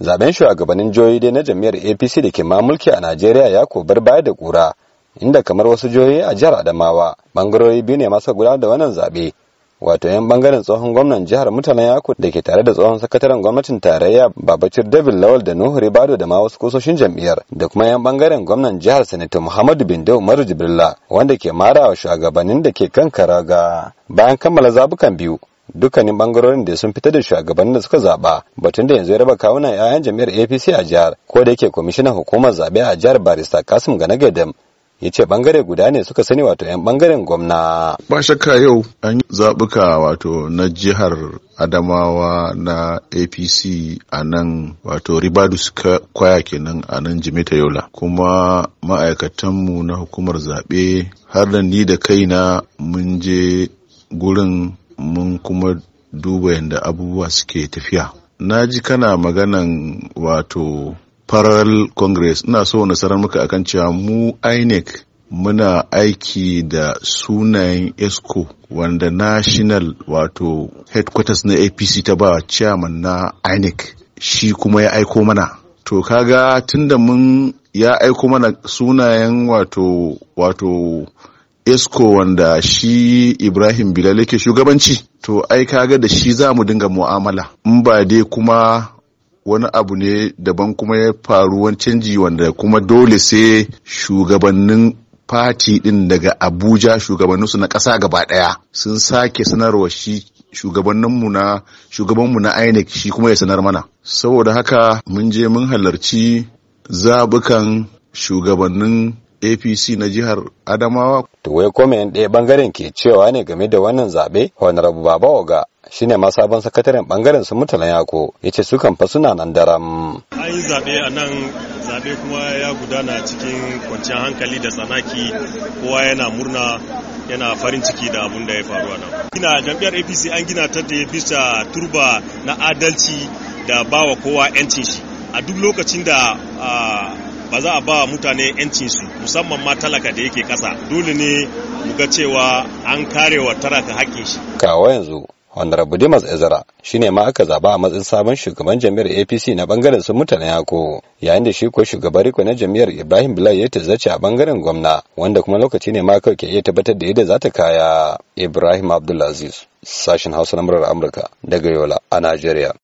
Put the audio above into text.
zaben shugabannin jihohi dai na jam'iyyar apc da ke mamulki a najeriya ya kobar baya da kura inda kamar wasu jihohi a jihar adamawa bangarori biyu ne masu gudanar da wannan zaɓe wato yan bangaren tsohon gwamnan jihar mutanen yako da ke tare da tsohon sakataren gwamnatin tarayya babacir david lawal da nuhu ribado da ma wasu kusoshin jam'iyyar da kuma yan bangaren gwamnan jihar sanata muhammadu bindo umaru jibrilla wanda ke mara wa shugabannin da ke kan karaga bayan kammala zabukan biyu dukkanin bangarorin da sun fita da shugaban da suka zaba batun da yanzu ya raba kawunan 'ya'yan jam'iyyar apc a jihar ko da yake kwamishinan hukumar zabe a jihar barista kasim ganagadam ya ce bangare guda ne suka sani wato 'yan bangaren gwamna. Ba shakka yau an yi zaɓuka wato na jihar Adamawa na APC a nan wato Ribadus kwaya kenan a nan Jimeta Yola. Kuma ma'aikatanmu na hukumar zaɓe har da ni da kaina mun je gurin mun kuma duba yadda abubuwa suke tafiya na ji kana maganan wato parallel congress ina so na sanar muka akan cewa mu inec muna aiki da sunayen esco wanda national wato headquarters na apc ta ba chairman na inec shi kuma ya aiko mana to kaga tunda mun ya aiko mana sunayen wato wato esco wanda shi ibrahim bilal yake shugabanci to ai kaga da shi za mu dinga mu'amala in ba dai kuma wani abu ne daban kuma ya faru wani canji wanda kuma dole sai shugabannin fati din daga abuja shugabanninsu na ƙasa gaba ɗaya sun sake sanarwa shi shugabanninmu na shugabanmu na inec shi kuma ya sanar mana saboda haka mun je mun halarci zabukan shugabannin apc na jihar adamawa to wai kome ɗaya bangaren ke cewa ne game da wannan zaɓe rabu baba oga shine ma sabon sakataren bangaren su ya ko ya ce sukan fa suna nan daram an yi zaɓe a nan zaɓe kuma ya gudana cikin kwanciyar hankali da tsanaki kowa yana murna yana farin ciki da abun da ya faru a nan gina jam'iyyar apc an gina ta da bisa turba na adalci da bawa kowa 'yancin shi a duk lokacin da ah, ba za a ba mutane su musamman ma talaka da yake kasa dole ne mu ga cewa an kare wa talaka haƙƙin shi kawo yanzu honorable dimas ezra shine ma aka zaba a matsayin sabon shugaban jami'ar apc na bangaren sun mutane yako yayin da shi ko shugaban riko na jami'ar ibrahim bilal ya zace a bangaren gwamna wanda kuma lokaci ne ma kawai ke iya tabbatar da yadda za ta kaya ibrahim abdulaziz sashen hausa na murar amurka daga yola a najeriya